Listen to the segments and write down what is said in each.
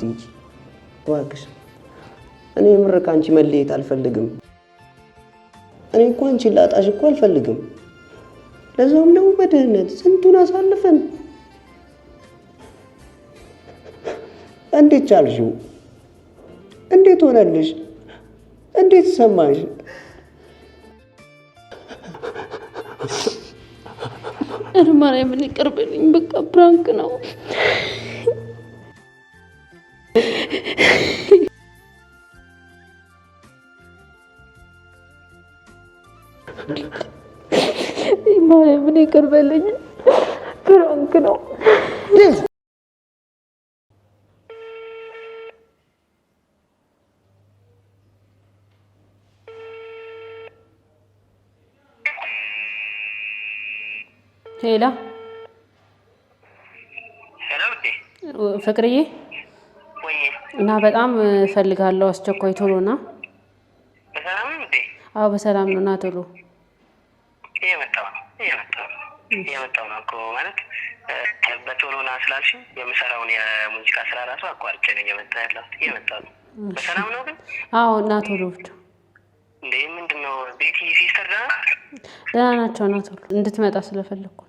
አትሂጂ እባክሽ። እኔ የምር ከአንቺ መለየት አልፈልግም። እኔ እኮ አንቺን ላጣሽ እኮ አልፈልግም። ለዛውም ደግሞ በድህነት ስንቱን አሳልፈን እንዴት ቻልሽው? እንዴት ሆነልሽ? እንዴት ሰማሽ? ምን ይቀርብልኝ በቃ ፕራንክ ነው። મારે મને કરવા લઈ કરો અંકનો ሄላ ፈቅርዬ እና በጣም እፈልጋለሁ። አስቸኳይ ቶሎ ና። በሰላም እንዴ? አዎ በሰላም ነው። ና ቶሎ። እየመጣሁ ነው፣ እየመጣሁ ነው፣ እየመጣሁ ነው እኮ ማለት በቶሎ ና ስላልሽ የምሰራውን የሙዚቃ ስራ ራሱ አቋርጬ ነው እየመጣ ያለሁት። እየመጣሁ ነው። በሰላም ነው ግን? አዎ እና ቶሎ ብቻ እንዴ። ምንድን ነው ቤቲ ሲስተር ደህና ደህና ናቸው? ና ቶሎ እንድትመጣ ስለፈለግኩ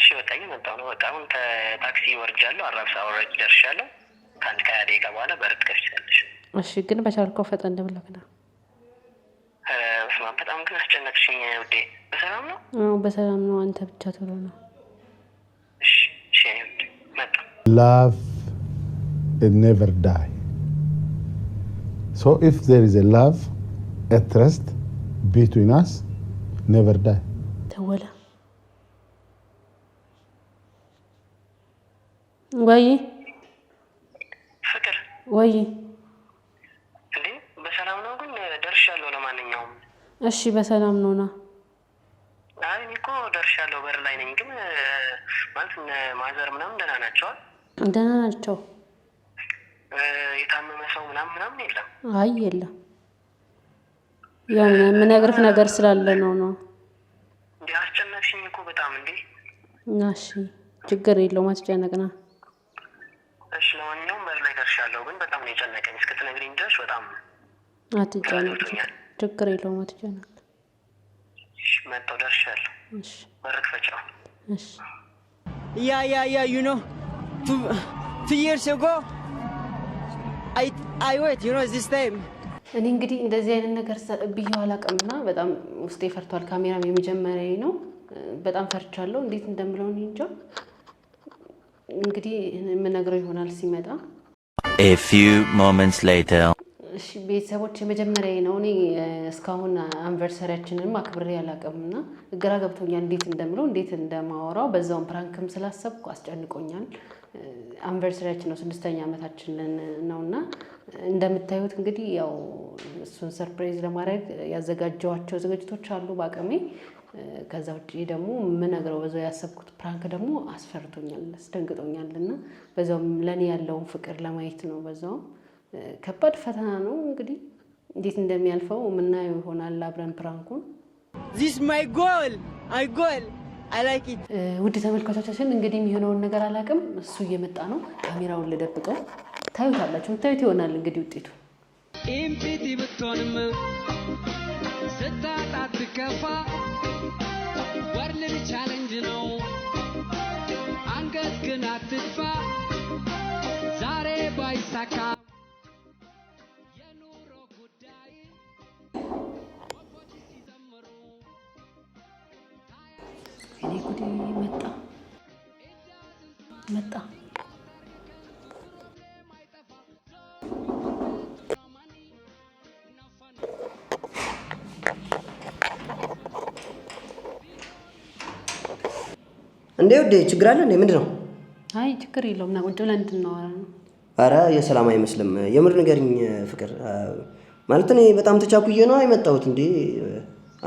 እሺ በቃ እየመጣሁ ነው። በቃ አሁን ከታክሲ ወርጃለሁ። አራብሳ ወረጅ ደርሻለሁ። ከአንድ ከሀያ ደቂቃ በኋላ በረድ ከፍቻለሽ። እሺ ግን በቻልከው ፈጠን ብለህ ና። በጣም ግን አስጨነቅሽኝ ውዴ። በሰላም ነው? አዎ በሰላም ነው። አንተ ብቻ ቶሎ ነው። እሺ እሺ ላቭ ኔቨር ዳይ ሶ ኢፍ ዜር ኢዝ ላቭ ትረስት ቢትዊን አስ ኔቨር ዳይ ደወለ ወይ ወይ እንዴ በሰላም ነው ግን ደርሻለሁ። ለማንኛውም እሺ በሰላም ና አይ እኔ እኮ ደርሻለሁ በር ላይ ነኝ። ግን ማለት ማዘር ምናምን ደህና ናቸዋል? ደህና ናቸው። የታመመ ሰው ምናምን ምናምን የለም? አይ የለም። ያው የምነግርህ ነገር ስላለ ነው ነው። እንዲ አስጨነቅሽኝ እኮ በጣም እንዴ። እሺ ችግር የለውም አትጨነቅና እሺ ለማንኛውም በር ላይ ደርሻለሁ፣ ግን በጣም ነው የጨነቀኝ። እስክትነግሪኝ ድረስ በጣም አትጨነቅ፣ ችግር የለውም አትጨነቅ። መጣሁ፣ ደርሻለሁ። በር ክፈቻው። ያ ያ ያ ዩ ኖ ቱ ይርስ ጎ አይ ወት ዩ ኖ ዚስ ታይም እኔ እንግዲህ እንደዚህ አይነት ነገር ብዬ አላውቅምና በጣም ውስጤ ፈርቷል። ካሜራም የመጀመሪያ ነው። በጣም ፈርቻለሁ። እንዴት እንደምለውን እንጃ እንግዲህ የምነግረው ይሆናል ሲመጣ። እሺ ቤተሰቦች የመጀመሪያ ነው። እኔ እስካሁን አንቨርሰሪያችንንም አክብሬ ያላቅም እና እግራ ገብቶኛል፣ እንዴት እንደምለው እንዴት እንደማወራው በዛውን ፕራንክም ስላሰብኩ አስጨንቆኛል። አንቨርሰሪያችን ነው ስድስተኛ ዓመታችንን ነው እና እንደምታዩት እንግዲህ ያው እሱን ሰርፕራይዝ ለማድረግ ያዘጋጀዋቸው ዝግጅቶች አሉ በአቅሜ ከዛ ውጭ ደግሞ የምነግረው በዛው ያሰብኩት ፕራንክ ደግሞ አስፈርቶኛል፣ አስደንግጦኛል እና በዛውም ለእኔ ያለውን ፍቅር ለማየት ነው። በዛውም ከባድ ፈተና ነው። እንግዲህ እንዴት እንደሚያልፈው የምናየው ይሆናል። አብረን ፕራንኩን ዚስ ማይ ጎል አይ ጎል ውድ ተመልካቾቻችን እንግዲህ የሚሆነውን ነገር አላውቅም። እሱ እየመጣ ነው። ካሜራውን ልደብቀው። ታዩታላችሁ፣ ታዩት ይሆናል እንግዲህ ውጤቱ። ኢምፒቲ ብትሆንም ስታጣ ትከፋ challenging all እንዴ ወደ ችግር አለ እንዴ? ምንድን ነው? አይ ችግር የለውም። ና ቁጭ ብለን እንድናወራ ነው። አረ የሰላም አይመስልም። የምር ንገርኝ ፍቅር። ማለት እኔ በጣም ተቻኩዬ ነው የመጣሁት። እንዴ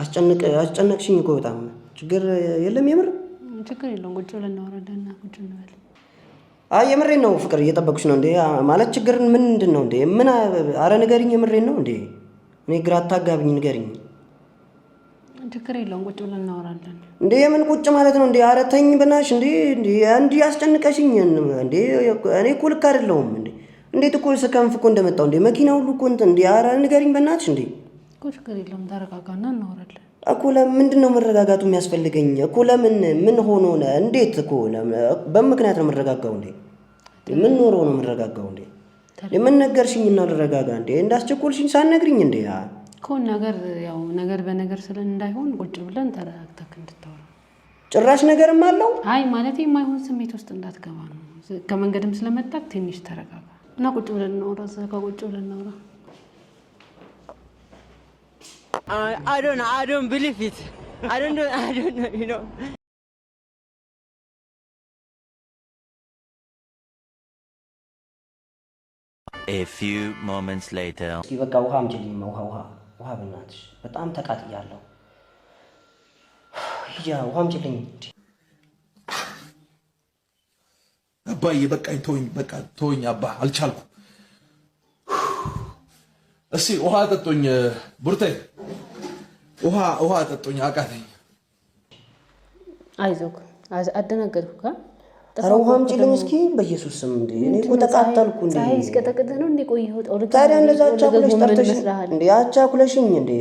አስጨነቅሽኝ እኮ በጣም። ችግር የለም የምር ችግር የለውም። ቁጭ ብለን እናወራለን። ቁጭ እንበል። አይ የምሬን ነው ፍቅር፣ እየጠበቅሽ ነው እንዴ? ማለት ችግር ምንድን ነው እንዴ? ምን አረ ንገርኝ የምሬን ነው እንዴ? እኔ ግራ አታጋብኝ፣ ንገሪኝ ችግር የለውም ቁጭ ብለን እናወራለን። እንዲ የምን ቁጭ ማለት ነው እንዲ አረተኝ ብናሽ እንዲ እንዲ እንዴ አስጨንቀሽኝ እንዴ እኔ እኮ ልክ አይደለሁም እንዴ። እንዴት እኮ ስከንፍ እኮ እንደመጣው እንዴ መኪና ሁሉ እኮ እንትን እንዴ። ኧረ ንገሪኝ በእናትሽ እንዴ። እኮ ችግር የለውም ተረጋጋና እናወራለን እኮ። ለምንድን ነው መረጋጋቱ የሚያስፈልገኝ እኮ? ለምን ምን ሆኖ ነው እንዴት እኮ በምክንያት ነው የምረጋጋው እንዴ? ምን ኖሮ ነው የምረጋጋው እንዴ? ምን ነገርሽኝ እና ልረጋጋ እንዴ? እንዳስቸኮልሽኝ ሳትነግሪኝ እንዴ ከሆነ ነገር ያው ነገር በነገር ስለ እንዳይሆን ቁጭ ብለን ተረጋግተክ እንድታወራ ጭራሽ ነገርም አለው። አይ ማለት የማይሆን ስሜት ውስጥ እንዳትገባ ነው። ከመንገድም ስለመጣት ትንሽ ተረጋጋ እና ቁጭ ብለን እናውራ። እዛ ጋር ቁጭ ብለን እናውራ። አዶን አዶን ብሊፊት አዶን አዶን ነው A few moments later. እስኪ በቃ ውሃ አምጪልኝ። ውሃ ውሃ ውሃ በእናትሽ በጣም ተቃጥያለሁ። ሂጂ ውሃ አምጪልኝ። አባዬ በቃ ተወኝ፣ በቃ ተወኝ አባ፣ አልቻልኩ እስኪ ውሃ አጠጦኝ፣ ቡርቴ ውሃ ውሃ አጠጦኝ፣ አቃተኝ። አይዞህ፣ አደናገጥኩህ። ኧረ ውሃ አምጪልኝ እስኪ በኢየሱስ ስም። እንደ እኔ እኮ ተቃጠልኩ። እንደ ፀሐይ እስቀጠቅጥ ነው እንደ ቆየሁ። ታዲያ እንደዛ አቻኩለሽ ጠርተሽ እንደ አቻኩለሽኝ እንደ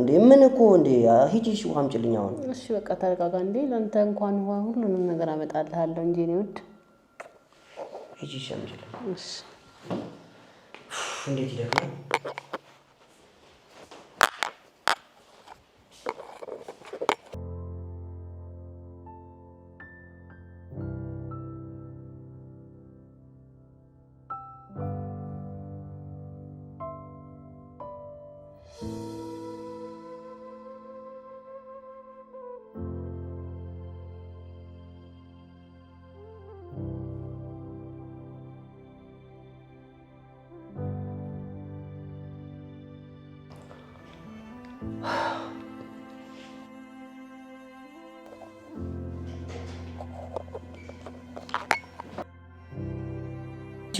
እንደ ምን እኮ እንደ ሂጂ እሺ፣ ውሃ አምጪልኝ አሁን። እሺ በቃ ተረጋጋ። እንደ ለአንተ እንኳን ውሃ ሁሉንም ነገር አመጣልሃለሁ እንጂ እኔ ውድ ሂጂ፣ እሺ አምጪልኝ። እሺ እንዴት ይደርጋል?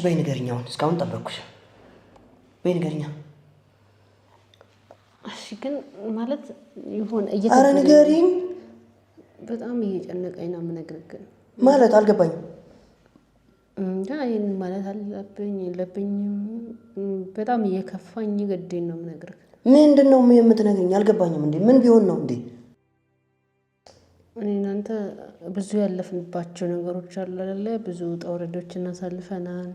በይ ንገሪኝ። አሁን እስካሁን ጠበቅኩሽ። በይ ንገሪኝ ግን ማለት ይሆን እየተረ ንገሪኝ። በጣም እየጨነቀኝ ነው የምነግርህ። ማለት አልገባኝም። እንዳ ይሄን ማለት አለብኝ የለብኝም። በጣም እየከፋኝ ግዴን ነው የምነግርህ ምንድን ነው የምትነግረኝ? አልገባኝም። እንዴ ምን ቢሆን ነው እንዴ? እኔ እናንተ ብዙ ያለፍንባቸው ነገሮች አሉ አይደለ? ብዙ ውጣ ውረዶች እናሳልፈናል።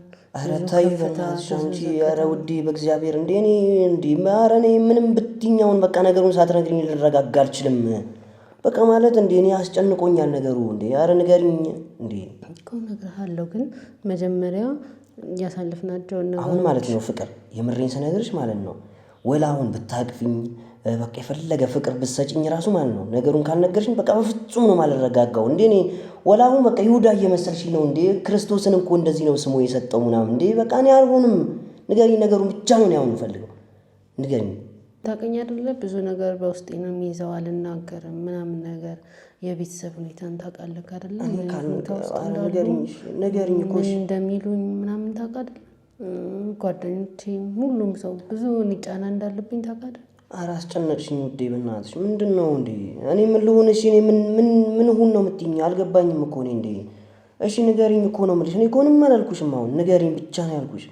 ኧረ ተይ በእናትሽ አንቺ፣ ኧረ ውዴ በእግዚአብሔር እንዴ እኔ እንዴ ኧረ እኔ ምንም ብትኛውን በቃ ነገሩን ሳትነግሪኝ ልረጋጋ አልችልም። በቃ ማለት እንዴ እኔ አስጨንቆኛል ነገሩ እንዴ። ኧረ ንገሪኝ እንዴ። እኮ እነግርሃለሁ፣ ግን መጀመሪያ ያሳልፍናቸውን ነገሮች አሁን ማለት ነው ፍቅር፣ የምሬን ስነግርሽ ማለት ነው ወላውን ብታቅፍኝ በቃ የፈለገ ፍቅር ብትሰጭኝ ራሱ ማለት ነው ነገሩን ካልነገርሽኝ በቃ በፍጹም ነው ማልረጋጋው። እንዴ እኔ ወላሁን በቃ ይሁዳ እየመሰልሽ ነው እንዴ ክርስቶስን እኮ እንደዚህ ነው ስሙ የሰጠው ምናምን እንዴ በቃ እኔ አልሆንም፣ ንገሪኝ። ነገሩን ብቻ ነው ያሁን ፈልገው ንገሪኝ። ታቀኝ አይደለ ብዙ ነገር በውስጤ ነው የሚይዘው፣ አልናገርም ምናምን ነገር የቤተሰብ ሁኔታን ታውቃለህ አይደለ? ነገርኝ ነገርኝ እንደሚሉኝ ምናምን ታውቃለህ ጓደኞቼም ሁሉም ሰው ብዙ እኔ ጫና እንዳለብኝ ታውቃለህ። ኧረ አስጨነቅሽኝ ውዴ በእናትሽ ምንድን ነው እንዴ? እኔ ምን ልሁን? እሺ እኔ ምን ሁን ነው የምትይኝ? አልገባኝም እኮ እኔ እንዴ። እሺ ንገሪኝ እኮ ነው የምልሽ። እኔ እኮ ምንም አላልኩሽም። አሁን ንገሪኝ ብቻ ነው ያልኩሽ።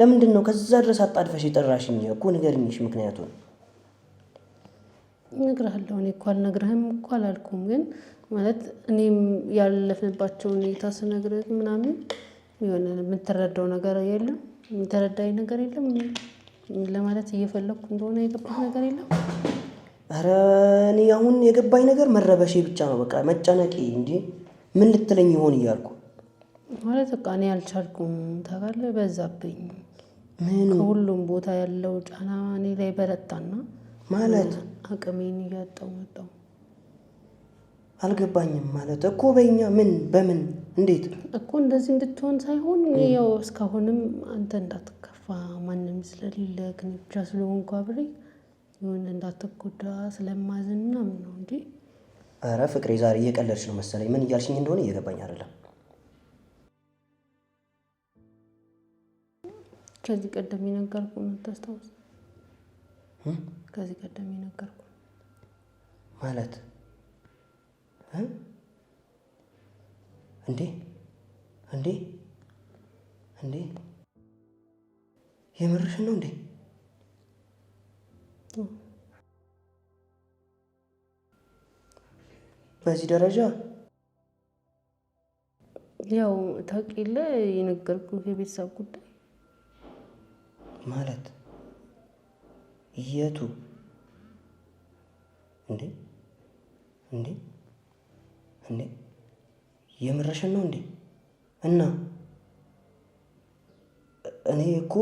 ለምንድን ነው ከዛ ድረስ አጣድፈሽ የጠራሽኝ እኮ? ንገሪኝ እሺ ምክንያቱን። እነግርሃለሁ። እኔ እኮ አልነግርህም እኮ አላልኩም። ግን ማለት እኔም ያለፍንባቸውን ሁኔታ ስነግርህ ምናምን የሆነ የምትረዳው ነገር የለም የምትረዳኝ ነገር የለም ለማለት እየፈለኩ እንደሆነ የገባ ነገር የለም። ኧረ እኔ አሁን የገባኝ ነገር መረበሼ ብቻ ነው። በቃ መጨነቄ እንጂ ምን ልትለኝ ይሆን እያልኩ ማለት በቃ እኔ አልቻልኩም ታውቃለህ። በዛብኝ ከሁሉም ቦታ ያለው ጫና እኔ ላይ በረታና ማለት አቅሜን እያጣሁ መጣሁ። አልገባኝም ማለት እኮ በኛ ምን በምን እንዴት እኮ እንደዚህ እንድትሆን ሳይሆን ያው እስካሁንም አንተ እንዳትከፋ ማንም ስለሌለ ግን ብቻ ስለሆንኩ አብሬ የሆነ እንዳትጎዳ ስለማዝን ምናምን ነው እንጂ ኧረ ፍቅሬ ዛሬ እየቀለድሽ ነው መሰለኝ ምን እያልሽኝ እንደሆነ እየገባኝ አይደለም ከዚህ ቀደም የነገርኩ ነው ታስታውስ ከዚህ ቀደም የነገርኩ ማለት እንዴ እንዴ እንዴ የምርሽ ነው እንዴ? በዚህ ደረጃ ያው ታቂለ የለ የነገርኩህ የቤተሰብ ጉዳይ ማለት የቱ እንዴ እንዴ እንዴ የምረሽን ነው እንዴ? እና እኔ እኮ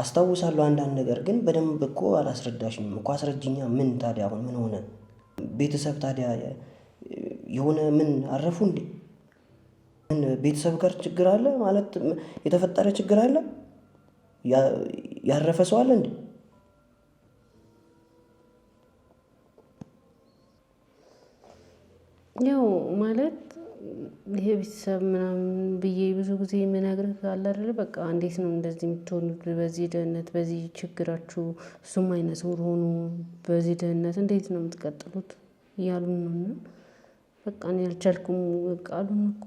አስታውሳለሁ አንዳንድ ነገር ግን በደንብ እኮ አላስረዳሽኝም እኮ አስረጅኛ። ምን ታዲያ አሁን ምን ሆነ? ቤተሰብ ታዲያ የሆነ ምን አረፉ እንዴ? ምን ቤተሰብ ጋር ችግር አለ ማለት የተፈጠረ ችግር አለ? ያረፈ ሰው አለ እንዴ? ያው ማለት ይሄ ቤተሰብ ምናምን ብዬ ብዙ ጊዜ የምነግርህ አለ አይደለ በቃ እንዴት ነው እንደዚህ የምትሆኑት? በዚህ ድህነት በዚህ ችግራችሁ እሱም አይነ ስውር ሆኑ፣ በዚህ ድህነት እንዴት ነው የምትቀጥሉት? እያሉን ነው እና በቃ እኔ አልቻልኩም። ቃሉን እኮ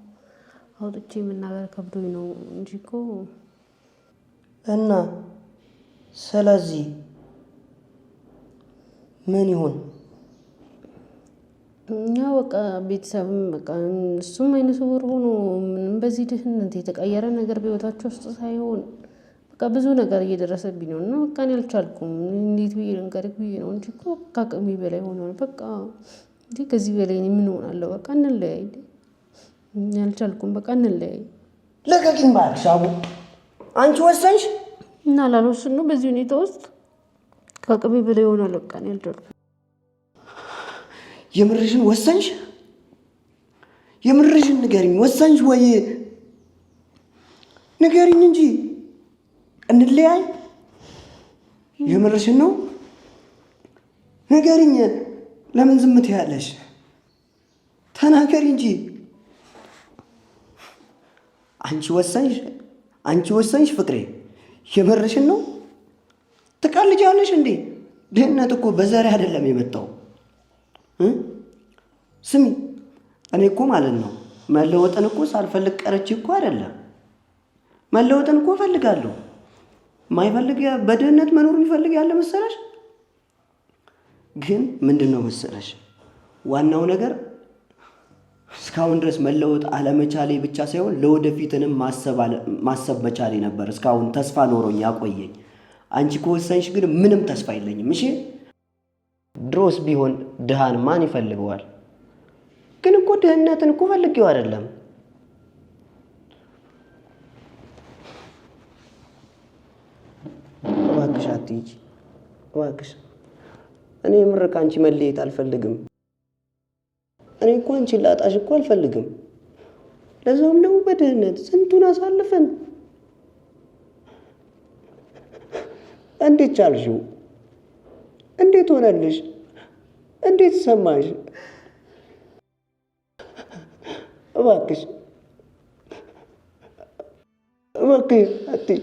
አውጥቼ የምናገር ከብዶኝ ነው እንጂ እኮ እና ስለዚህ ምን ይሁን እኛ በቃ ቤተሰብም በቃ እሱም አይነ ስውር ሆኖ ምንም በዚህ ድህነት የተቀየረ ነገር በህይወታቸው ውስጥ ሳይሆን በቃ ብዙ ነገር እየደረሰብኝ ነው እና በቃ እኔ አልቻልኩም። እንዴት ብዬ ልንገር ብዬ ነው እንጂ እኮ ከአቅሜ በላይ ሆኗል። በቃ እንዲ ከዚህ በላይ ምን ሆናለሁ? በቃ እንለያይ። አልቻልኩም። በቃ እንለያይ። ለቀቂም እባክሽ። አቡ አንቺ ወሰንሽ እና ላልወስን ነው በዚህ ሁኔታ ውስጥ ከአቅሜ በላይ ሆኗል። በቃ እኔ አልቻልኩም። የምርሽን ወሰንሽ? የምርሽን ንገሪኝ። ወሰንሽ ወይ ንገሪኝ እንጂ እንለያይ። የምርሽን ነው? ንገሪኝ። ለምን ዝም ትያለሽ? ተናገሪ እንጂ አንቺ ወሰንሽ፣ አንቺ ወሰንሽ ፍቅሬ። የምርሽን ነው? ትቀልጃለሽ እንዴ? ድህነት እኮ በዘር አይደለም የመጣው ስሚ፣ እኔ እኮ ማለት ነው መለወጥን እኮ ሳልፈልግ ቀረች እኮ አይደለም። መለወጥን እኮ እፈልጋለሁ። ማይፈልግ በድህነት መኖር የሚፈልግ ያለ መሰለሽ? ግን ምንድን ነው መሰለሽ ዋናው ነገር እስካሁን ድረስ መለወጥ አለመቻሌ ብቻ ሳይሆን ለወደፊትንም ማሰብ መቻሌ ነበር። እስካሁን ተስፋ ኖሮኝ ያቆየኝ። አንቺ ከወሰንሽ ግን ምንም ተስፋ የለኝም። እሺ ድሮስ ቢሆን ድሃን ማን ይፈልገዋል? ግን እኮ ድህነትን እኮ ፈልጌው አይደለም። እባክሽ አትሂጂ፣ እባክሽ። እኔ የምር ከአንቺ መለየት አልፈልግም። እኔ እኮ አንቺን ላጣሽ እኮ አልፈልግም። ለዛውም ደግሞ በድህነት ስንቱን አሳልፈን እንዴት ቻልሽው? እንዴት ሆነልሽ? እንዴት ሰማሽ? እባክሽ እባክሽ አትይ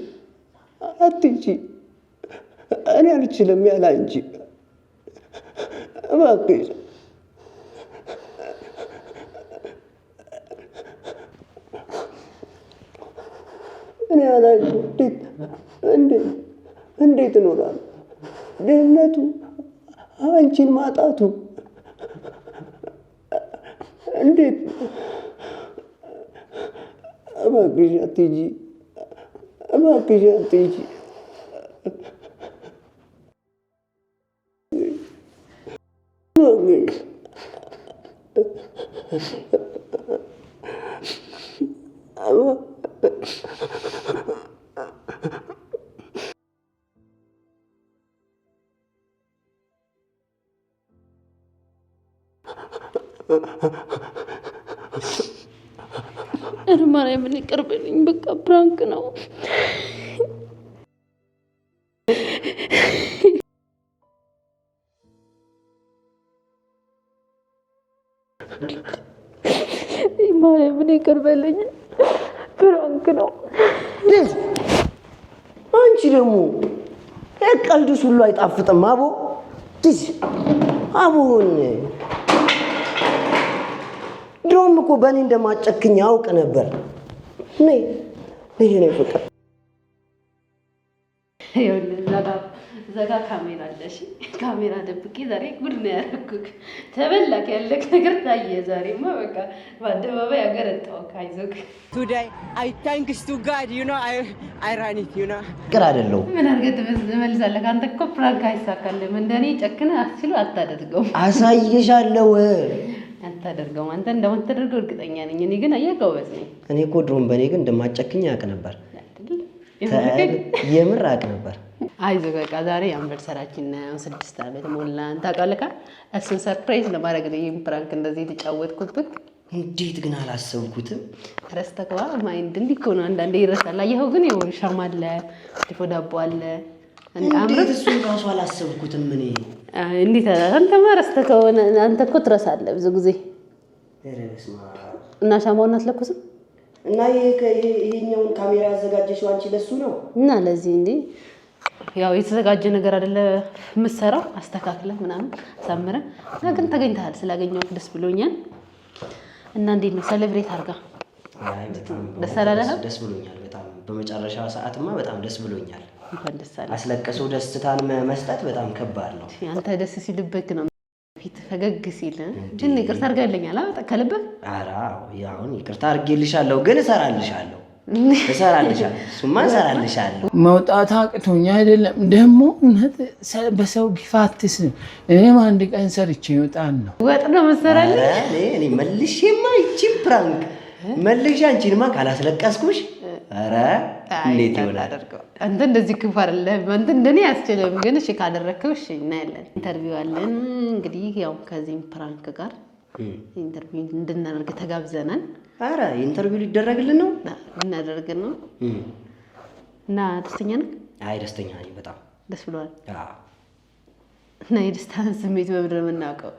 አትይቺ እኔ አልችልም ያለ አንቺ እባክሽ እኔ ያለ አንቺ እንዴት እንዴት እንዴት እኖራለሁ ደህንነቱ አንቺን ማጣቱ እንዴት እባክሽ አትሂጂ፣ እባክሽ አትሂጂ። ፕራንክ ነው። ማርያምን ይቅር በለኝ፣ ፕራንክ ነው። አንቺ ደግሞ ቀልድሽ ሁሉ አይጣፍጥም። አቦ ትሽ አቦን ድሮም እኮ በእኔ እንደማጨክኝ አውቅ ነበር። ይሄ ነው ፍቅር። እዛ ካሜራ አለሽ። ካሜራ ደብቄ ዛሬ ጉድ ነው ያደረኩህ። ተበላክ ያለክ ነገር ታየ። ዛሬማ በቃ በአደባባይ ያገረጣው ካይዞክ ቱዳይ አይ ታንክስ ቱ ጋድ ዩ ኖ አይ ዩ ኖ ምን አድርገህ ትመልሳለህ? አንተ እኮ ፕራንክ አይሳካልም። እንደኔ ጨክነህ አስችሉ አታደርገውም። አሳይሻለሁ አታደርገውም አንተ እንደማታደርገው እርግጠኛ ነኝ። እኔ ግን አየህ ጎበዝ ነኝ። እኔ እኮ ድሮም በእኔ ግን እንደማጨክኝ አውቅ ነበር፣ የምር አውቅ ነበር። አይዞህ በቃ ዛሬ አንቨርሰራችን ነው፣ ስድስት ዓመት ሞላን። ታውቃለህ እሱን ሰርፕራይዝ ለማድረግ ነው ይህን ፕራንክ እንደዚህ የተጫወትኩበት። እንዴት ግን አላሰብኩትም። ረስተክባ ማይንድ እንዲህ እኮ ነው አንዳንዴ ይረሳል። አየኸው ግን ሻማ አለ፣ ድፎ ዳቦ አለ። እንዴት እሱን ራሱ አላሰብኩትም እኔ እንዴት አንተ ረስተህ ከሆነ አንተ እኮ ትረሳለህ ብዙ ጊዜ እና ሻማውን አትለኩስም እና ይሄኛውን ካሜራ ያዘጋጀሽው አንቺ ለሱ ነው እና ለዚህ እንዴ ያው የተዘጋጀ ነገር አይደለ የምትሰራው አስተካክለ ምናምን አሳምረ እና ግን ተገኝተሃል ስላገኘው ደስ ብሎኛል እና እንዴት ነው ሴሌብሬት አድርጋ ደስ አላለህም ደስ ብሎኛል በጣም በመጨረሻ ሰዓትማ በጣም ደስ ብሎኛል አስለቅሶ ደስታን መስጠት በጣም ከባድ ነው። አንተ ደስ ሲልበት ነው ፊት ፈገግ ሲል ጅን ይቅርታ አድርጋለኛል ከልብህ። ኧረ አሁን ይቅርታ አድርጌልሻለሁ፣ ግን እሰራልሻለሁ እሰራልሻለሁ፣ እሱማ እሰራልሻለሁ። መውጣት አቅቶኛ አይደለም ደግሞ እውነት በሰው ቢፋትስ እኔም አንድ ቀን ሰርቼ ይወጣል ነው ወጥ ነው መሰራልኝ መልሼማ ይቺ ፕራንክ መልሼ አንቺንማ ካላስለቀስኩሽ ኧረ እንዴት ይሆናል? አንተ እንደዚህ ክፉ አይደለም። አንተ እንደኔ አስችልም፣ ግን እሺ ካደረግከው እሺ፣ እናያለን። ኢንተርቪው አለን እንግዲህ ያው ከዚህም ፕራንክ ጋር ኢንተርቪው እንድናደርግ ተጋብዘናል። አረ ኢንተርቪው ሊደረግልን ነው፣ ልናደርግ ነው። እና ደስተኛ ነህ? አይ ደስተኛ ነኝ። በጣም ደስ ብሏል። እና የደስታን ስሜት በምድር የምናውቀው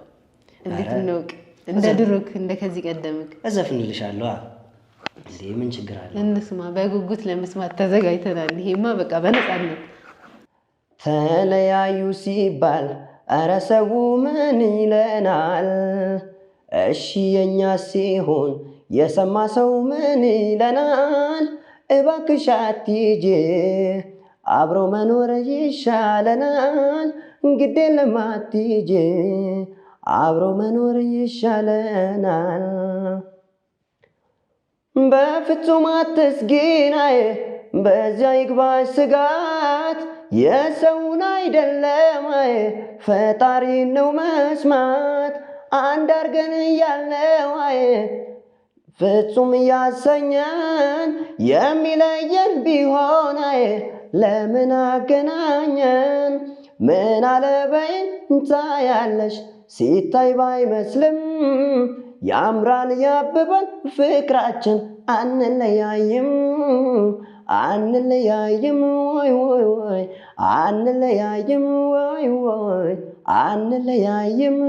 እንዴት እንወቅ? እንደ ድሮክ እንደ ከዚህ ቀደምክ እዘፍንልሻለሁ ምን ችግር አለ? እንስማ። በጉጉት ለመስማት ተዘጋጅተናል። ይሄማ በቃ በነፃነት ተለያዩ ሲባል እረ ሰው ምን ይለናል? እሺ የኛ ሲሆን የሰማ ሰው ምን ይለናል? እባክሽ አትሂጂ አብሮ መኖር ይሻለናል። እንግዴ ለማትሂጂ አብሮ መኖር ይሻለናል። በፍጹም አትስጊናዬ በዚያ ይግባሽ ስጋት የሰውን አይደለማይ ፈጣሪ ነው መስማት አንድ አርገን እያለዋይ ፍጹም እያሰኘን የሚለየን ቢሆናይ ለምን አገናኘን? ምን አለበይ እንታያለሽ ሲታይ ባይመስልም ያምራል ያብባል ፍቅራችን አንለያይም አንለያይም ወይ ወይ ወይ አንለያይም ወይ ወይ አንለያይም።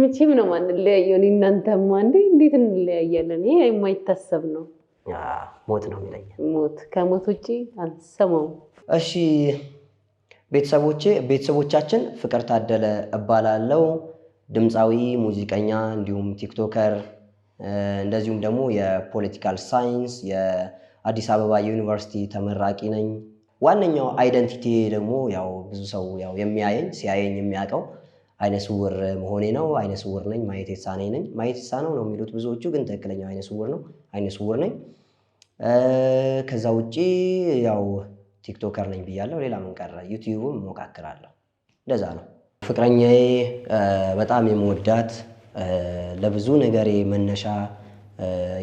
መቼም ነው ማንለያየው። እኔ እናንተማ እንዴ እንዴት እንለያያለን? ይሄ የማይታሰብ ነው። ሞት ነው የሚለየን። ሞት ከሞት ውጭ አንሰማውም። እሺ ቤተሰቦቼ ቤተሰቦቻችን ፍቅር ታደለ እባላለሁ። ድምፃዊ፣ ሙዚቀኛ እንዲሁም ቲክቶከር እንደዚሁም ደግሞ የፖለቲካል ሳይንስ የአዲስ አበባ ዩኒቨርሲቲ ተመራቂ ነኝ። ዋነኛው አይደንቲቲ ደግሞ ያው ብዙ ሰው ያው የሚያየኝ ሲያየኝ የሚያውቀው አይነ ስውር መሆኔ ነው። አይነ ስውር ነኝ። ማየት የተሳነኝ ነኝ። ማየት የተሳነው ነው የሚሉት ብዙዎቹ፣ ግን ትክክለኛው አይነ ስውር ነው። አይነ ስውር ነኝ። ከዛ ውጭ ያው ቲክቶከር ነኝ ብያለሁ። ሌላ ምን ቀረ? ዩቲዩብም ሞካክራለሁ። እንደዛ ነው። ፍቅረኛዬ በጣም የምወዳት ለብዙ ነገሬ መነሻ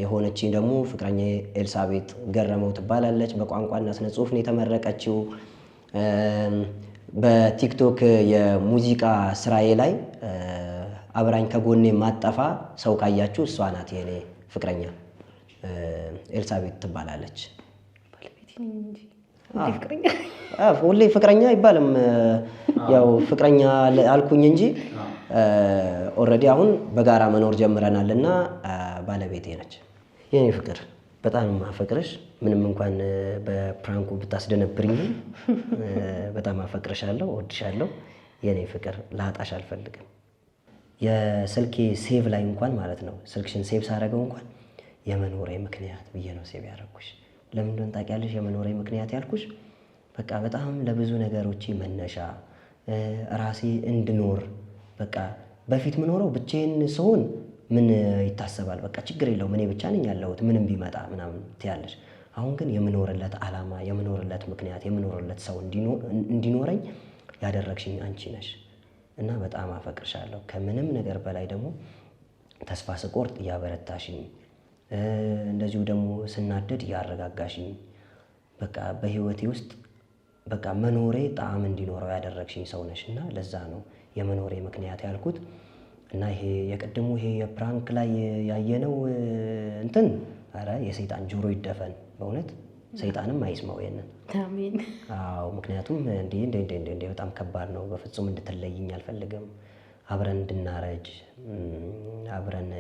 የሆነችኝ ደግሞ ፍቅረኛዬ ኤልሳቤጥ ገረመው ትባላለች። በቋንቋና ስነ ጽሁፍ ነው የተመረቀችው። በቲክቶክ የሙዚቃ ስራዬ ላይ አብራኝ ከጎኔ ማጠፋ ሰው ካያችሁ እሷ ናት የኔ ፍቅረኛ ኤልሳቤጥ ትባላለች። ሁሌ ፍቅረኛ አይባልም። ያው ፍቅረኛ አልኩኝ እንጂ ኦልሬዲ አሁን በጋራ መኖር ጀምረናል እና ባለቤቴ ነች የኔ ፍቅር። በጣም ማፈቅርሽ ምንም እንኳን በፕራንኩ ብታስደነብርኝ በጣም አፈቅርሻለሁ፣ እወድሻለሁ የኔ ፍቅር፣ ላጣሽ አልፈልግም። የስልኬ ሴቭ ላይ እንኳን ማለት ነው ስልክሽን ሴቭ ሳደረገው እንኳን የመኖሪያ ምክንያት ብዬ ነው ሴቭ ያደረኩሽ። ለምን እንደሆነ ታውቂያለሽ? የመኖሪያ ምክንያት ያልኩሽ በቃ በጣም ለብዙ ነገሮች መነሻ ራሴ እንድኖር በቃ በፊት ምኖረው ብቻዬን ስሆን ምን ይታሰባል? በቃ ችግር የለውም እኔ ብቻ ነኝ ያለሁት ምንም ቢመጣ ምናምን ትያለሽ። አሁን ግን የምኖርለት ዓላማ፣ የምኖርለት ምክንያት፣ የምኖርለት ሰው እንዲኖረኝ ያደረግሽኝ አንቺ ነሽ እና በጣም አፈቅርሻለሁ። ከምንም ነገር በላይ ደግሞ ተስፋ ስቆርጥ እያበረታሽኝ እንደዚሁ ደግሞ ስናደድ ያረጋጋሽኝ፣ በቃ በህይወቴ ውስጥ በቃ መኖሬ ጣዕም እንዲኖረው ያደረግሽኝ ሰው ነሽ እና ለዛ ነው የመኖሬ ምክንያት ያልኩት እና ይሄ የቅድሙ ይሄ የፕራንክ ላይ ያየነው እንትን ኧረ የሰይጣን ጆሮ ይደፈን በእውነት ሰይጣንም አይስማው አሜን። አዎ ምክንያቱም እንዴ እንዴ እንዴ በጣም ከባድ ነው። በፍጹም እንድትለይኝ አልፈልግም። አብረን እንድናረጅ አብረን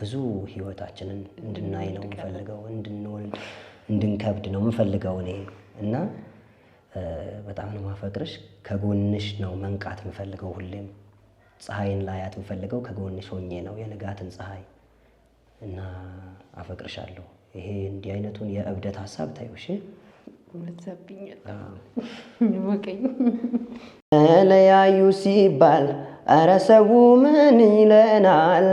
ብዙ ህይወታችንን እንድናይ ነው የምፈልገው፣ እንድንወልድ እንድንከብድ ነው የምፈልገው እኔ እና በጣም ነው ማፈቅርሽ። ከጎንሽ ነው መንቃት የምፈልገው ሁሌም ፀሐይን ላያት የምፈልገው ከጎንሽ ሆኜ ነው የንጋትን ፀሐይ እና አፈቅርሻለሁ። ይሄ እንዲህ አይነቱን የእብደት ሀሳብ ታዩሽ ለያዩ ሲባል አረ ምን ይለናል?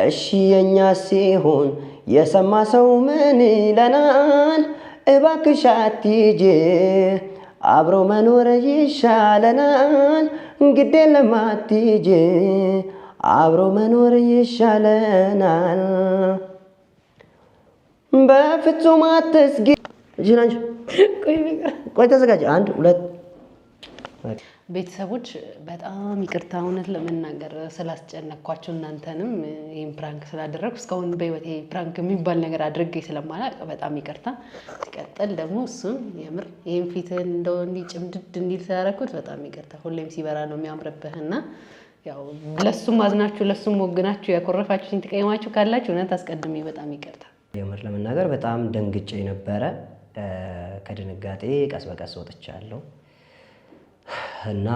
እሺ የኛ ሲሆን የሰማ ሰው ምን ይለናል? እባክሽ አትሂጂ አብሮ መኖር ይሻለናል። ግድ የለም አትሂጂ አብሮ መኖር ይሻለናል። በፍጹም አትስጊ። ቆይ ተዘጋጅ። አንድ ሁለት ቤተሰቦች በጣም ይቅርታ እውነት ለመናገር ስላስጨነቅኳቸው እናንተንም ይህም ፕራንክ ስላደረግኩ እስካሁን በህይወቴ ፕራንክ የሚባል ነገር አድርጌ ስለማላቅ በጣም ይቅርታ። ሲቀጥል ደግሞ እሱም የምር ይህም ፊት እንደው እንዲህ ጭምድድ እንዲል ስላደረግኩት በጣም ይቅርታ። ሁሌም ሲበራ ነው የሚያምርብህና ያው ለሱም አዝናችሁ ለሱም ወግናችሁ ያኮረፋችሁ ትቀይማችሁ ካላችሁ እውነት አስቀድሜ በጣም ይቅርታ። የምር ለመናገር በጣም ደንግጬ ነበረ። ከድንጋጤ ቀስ በቀስ ወጥቻለሁ። እና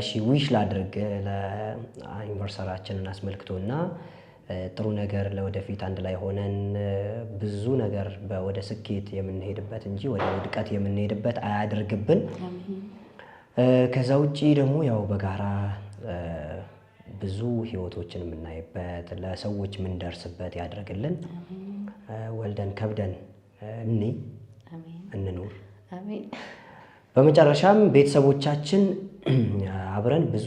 እሺ ዊሽ ላድርግ ለአኒቨርሰራችንን አስመልክቶ እና ጥሩ ነገር ለወደፊት አንድ ላይ ሆነን ብዙ ነገር ወደ ስኬት የምንሄድበት እንጂ ወደ ውድቀት የምንሄድበት አያድርግብን። ከዛ ውጭ ደግሞ ያው በጋራ ብዙ ህይወቶችን የምናይበት ለሰዎች የምንደርስበት ያደርግልን። ወልደን ከብደን እኔ እንኑር። በመጨረሻም ቤተሰቦቻችን አብረን ብዙ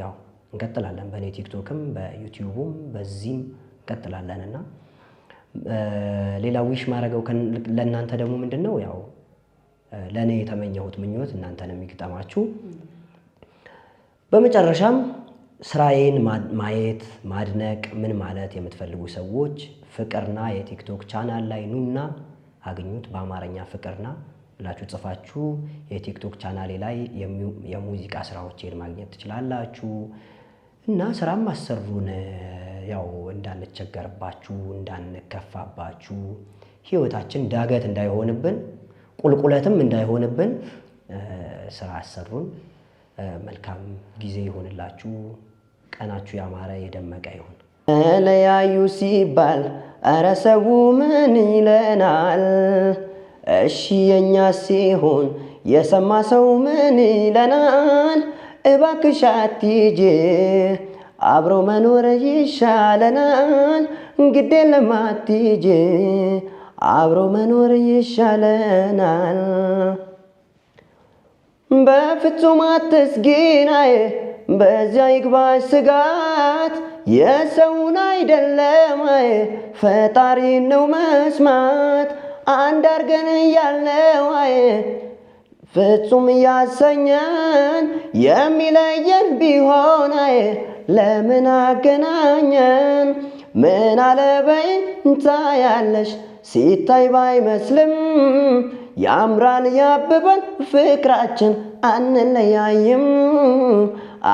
ያው እንቀጥላለን። በእኔ ቲክቶክም በዩቲዩቡም በዚህም እንቀጥላለን እና ሌላ ዊሽ ማድረገው ለእናንተ ደግሞ ምንድን ነው ያው ለእኔ የተመኘሁት ምኞት እናንተን የሚገጠማችሁ። በመጨረሻም ስራዬን ማየት ማድነቅ ምን ማለት የምትፈልጉ ሰዎች ፍቅርና የቲክቶክ ቻናል ላይ ኑና አግኙት። በአማርኛ ፍቅርና ብላችሁ ጽፋችሁ የቲክቶክ ቻናሌ ላይ የሙዚቃ ስራዎችን ማግኘት ትችላላችሁ እና ስራም አሰሩን። ያው እንዳንቸገርባችሁ፣ እንዳንከፋባችሁ፣ ህይወታችን ዳገት እንዳይሆንብን፣ ቁልቁለትም እንዳይሆንብን ስራ አሰሩን። መልካም ጊዜ ይሆንላችሁ። ቀናችሁ ያማረ የደመቀ ይሁን። ለያዩ ሲባል እረ ሰው ምን ይለናል? እሺ የኛ ሲሆን የሰማ ሰው ምን ይለናል? እባክሽ አትሂጂ አብሮ መኖር ይሻለናል። እንግዴ ለማትሂጂ አብሮ መኖር ይሻለናል። በፍጹም አትስጊናዬ በዚያ ይግባ ስጋት የሰውን አይደለማዬ ፈጣሪ ነው መስማት አንድ አርገን እያልነው ፍጹም እያሰኘን የሚለየን ቢሆናይ ለምን አገናኘን? ምን አለበይ እንታያለሽ ሲታይ ባይመስልም ያምራል ያብበን ፍቅራችን አንለያይም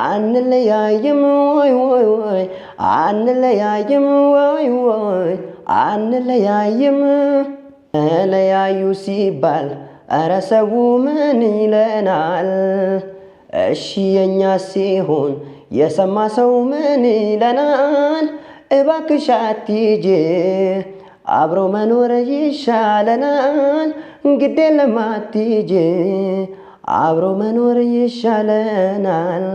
አንለያይም ወይ ወይ ወይ አንለያይም ወይ ወይ አንለያይም ተለያዩ ሲባል እረ ሰው ምን ይለናል? እሺ የኛ ሲሆን የሰማ ሰው ምን ይለናል? እባክሽ አትሂጂ አብሮ መኖር ይሻለናል። እንግዴ ለማትሂጂ አብሮ መኖር ይሻለናል።